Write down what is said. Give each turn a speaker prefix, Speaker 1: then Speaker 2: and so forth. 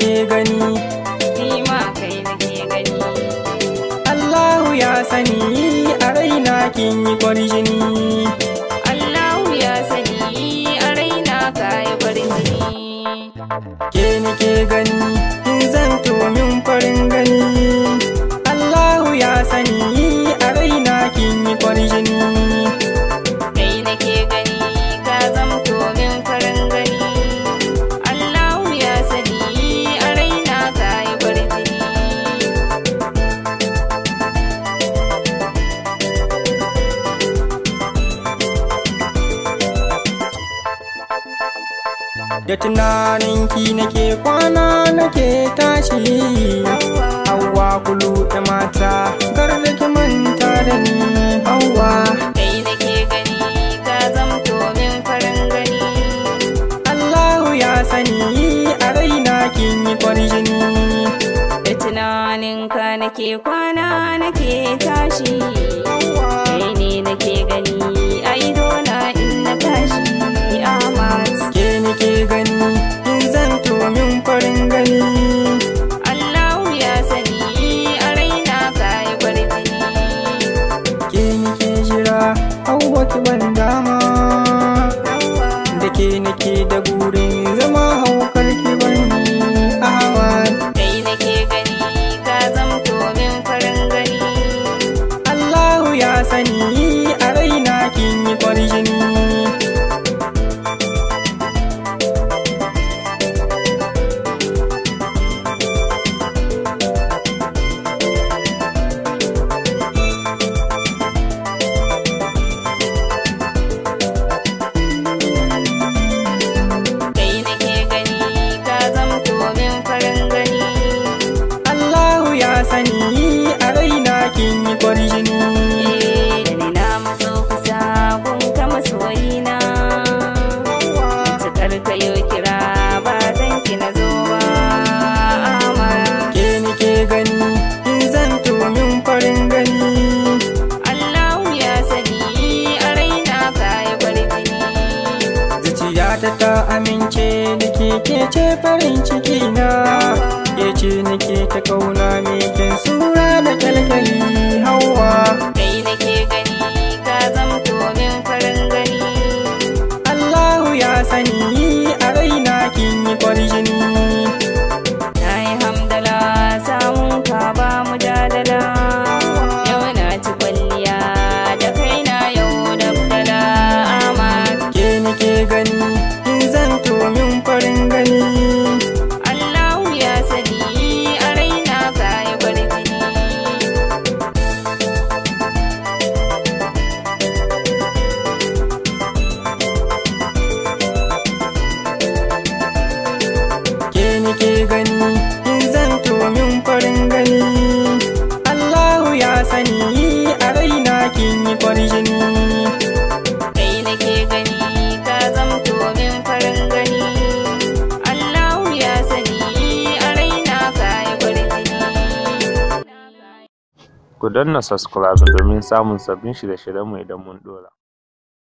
Speaker 1: Ke gani
Speaker 2: Ni ma kai nake gani
Speaker 1: Allahu ya sani a raina kin yi kwarjini
Speaker 2: Allahu ya sani a raina ka yi kwarjini
Speaker 1: Ke nike gani in zan min farin gani Allahu ya sani da tunaninki nake kwana nake tashi hawa kulu da mata gar da ki manta da ni hawa
Speaker 2: kai nake gani ka zamto min farin
Speaker 1: gani Allahu ya sani a raina kin yi farin da tunaninka
Speaker 2: nake kwana nake tashi kai ne nake gani a idona in na tashi
Speaker 1: amince da ke ce farin ciki na ke ce nake ta kauna mai sura da kyalkyali hawa yi farin jini kai nake gani ka zamto min farin gani
Speaker 2: Allahu ya sani a raina ka yi farin jini
Speaker 1: ku danna subscribe domin samun sabbin shirye-shiryenmu idan mun
Speaker 2: dora